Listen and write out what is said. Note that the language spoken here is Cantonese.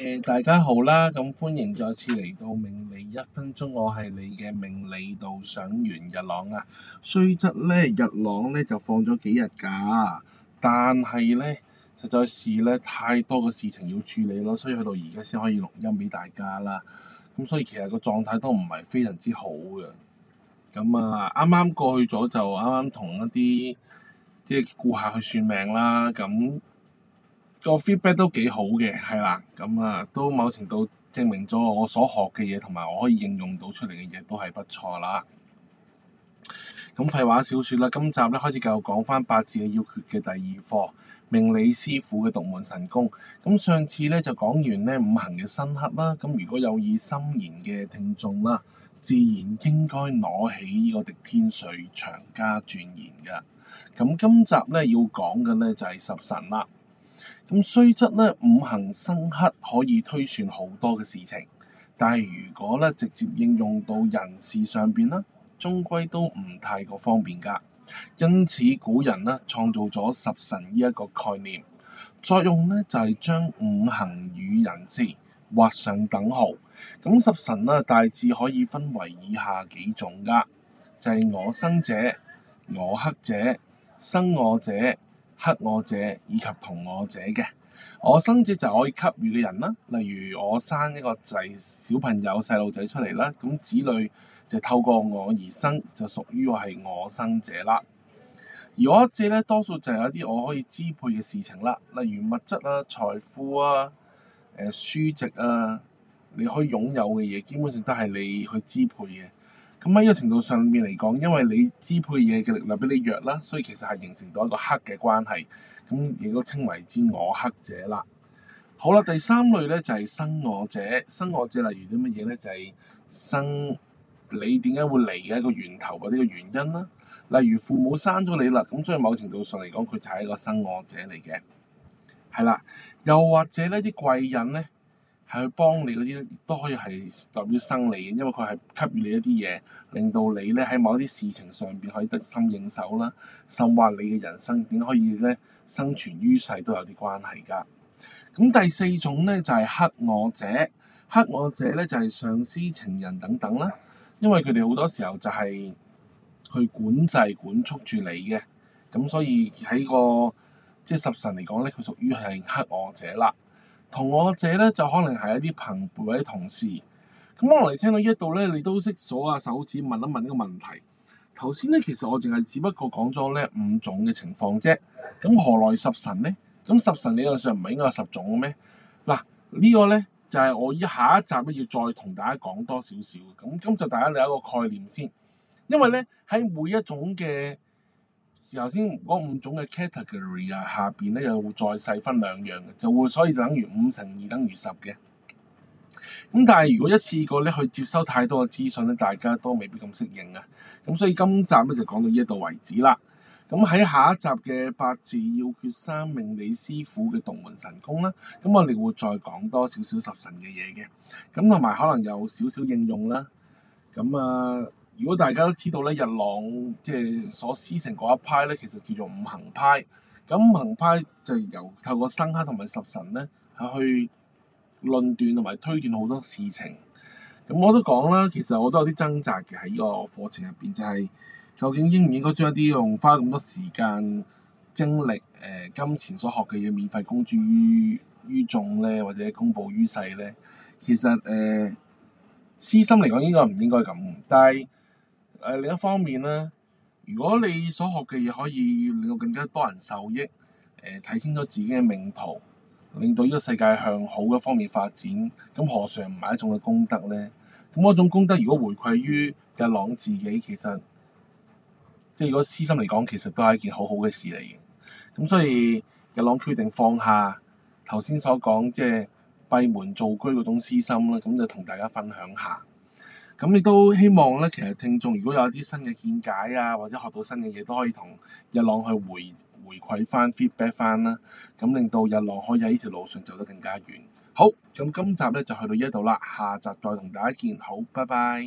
呃、大家好啦，咁歡迎再次嚟到命理一分鐘，我係你嘅命理導賞員日朗啊。雖則呢日朗呢就放咗幾日假，但係呢實在是呢太多嘅事情要處理咯，所以去到而家先可以錄音俾大家啦。咁所以其實個狀態都唔係非常之好嘅。咁啊，啱啱過去咗就啱啱同一啲即係顧客去算命啦，咁。個 feedback 都幾好嘅，係啦，咁啊都某程度證明咗我所學嘅嘢同埋我可以應用到出嚟嘅嘢都係不錯啦。咁廢話少説啦，今集咧開始繼續講翻八字嘅要訣嘅第二課，命理師傅嘅獨門神功。咁上次咧就講完咧五行嘅生剋啦，咁如果有意深研嘅聽眾啦，自然應該攞起呢個滴天髓長加鑽研嘅。咁今集咧要講嘅咧就係、是、十神啦。咁雖則呢，五行生克可以推算好多嘅事情，但係如果呢直接應用到人事上邊呢，終歸都唔太過方便噶。因此古人呢創造咗十神呢一個概念，作用呢就係將五行與人事畫上等號。咁十神呢大致可以分為以下幾種噶，就係、是、我生者、我克者、生我者，克我者以及同我者嘅。我生者就係我可以給予嘅人啦，例如我生一個仔小朋友、細路仔出嚟啦，咁子女就透過我而生，就屬於我係我生者啦。而我者咧，多數就係一啲我可以支配嘅事情啦，例如物質啦、啊、財富啊、誒、呃、書籍啊，你可以擁有嘅嘢，基本上都係你去支配嘅。咁喺呢個程度上面嚟講，因為你支配嘢嘅力量比你弱啦，所以其實係形成到一個剋嘅關係，咁亦都稱為之我剋者啦。好啦，第三類咧就係、是、生我者，生我者例如啲乜嘢咧就係、是、生你點解會嚟嘅一個源頭或者個原因啦。例如父母生咗你啦，咁所以某程度上嚟講，佢就係一個生我者嚟嘅，係啦。又或者呢啲貴人咧。係去幫你嗰啲都可以係代表生理嘅，因為佢係給予你一啲嘢，令到你咧喺某一啲事情上邊可以得心應手啦，甚或你嘅人生點可以咧生存於世都有啲關係噶。咁第四種咧就係黑我者，黑我者咧就係上司、情人等等啦，因為佢哋好多時候就係去管制、管束住你嘅，咁所以喺個即十神嚟講咧，佢屬於係黑我者啦。同我者咧，就可能係一啲朋輩、或者同事。咁我嚟聽到呢一度咧，你都識數下手指，問一問呢個問題。頭先咧，其實我淨係只不過講咗咧五種嘅情況啫。咁何來十神咧？咁十神理論上唔係應該有十種嘅咩？嗱，這個、呢個咧就係、是、我依下一集咧要再同大家講多少少。咁咁就大家有一個概念先，因為咧喺每一種嘅。頭先嗰五種嘅 category 啊，下邊咧又會再細分兩樣嘅，就會所以就等於五乘二等於十嘅。咁但係如果一次過咧去接收太多嘅資訊咧，大家都未必咁適應啊。咁所以今集咧就講到呢一度為止啦。咁喺下一集嘅八字要訣三命理師傅嘅獨門神功啦，咁我哋會再講多少少十神嘅嘢嘅。咁同埋可能有少少應用啦。咁啊～如果大家都知道咧，日朗即係所思成嗰一派咧，其實叫做五行派。咁五行派就由透過生克同埋十神咧，係去論斷同埋推斷好多事情。咁我都講啦，其實我都有啲掙扎嘅，喺呢個課程入邊，就係、是、究竟應唔應該將一啲用花咁多時間、精力、誒、呃、金錢所學嘅嘢免費公諸於於眾咧，或者公佈於世咧？其實誒、呃，私心嚟講應該唔應該咁，但誒另一方面咧，如果你所學嘅嘢可以令到更加多人受益，誒、呃、睇清楚自己嘅命途，令到呢個世界向好嘅方面發展，咁何嘗唔係一種嘅功德呢？咁嗰種功德如果回饋於日朗自己，其實即係如果私心嚟講，其實都係一件好好嘅事嚟嘅。咁所以日朗決定放下頭先所講即係閉門造車嗰種私心啦，咁就同大家分享下。咁亦都希望咧，其實聽眾如果有啲新嘅見解啊，或者學到新嘅嘢，都可以同日朗去回回饋翻 feedback 翻啦。咁令到日朗可以喺呢條路上走得更加遠。好，咁今集咧就去到呢度啦，下集再同大家見。好，拜拜。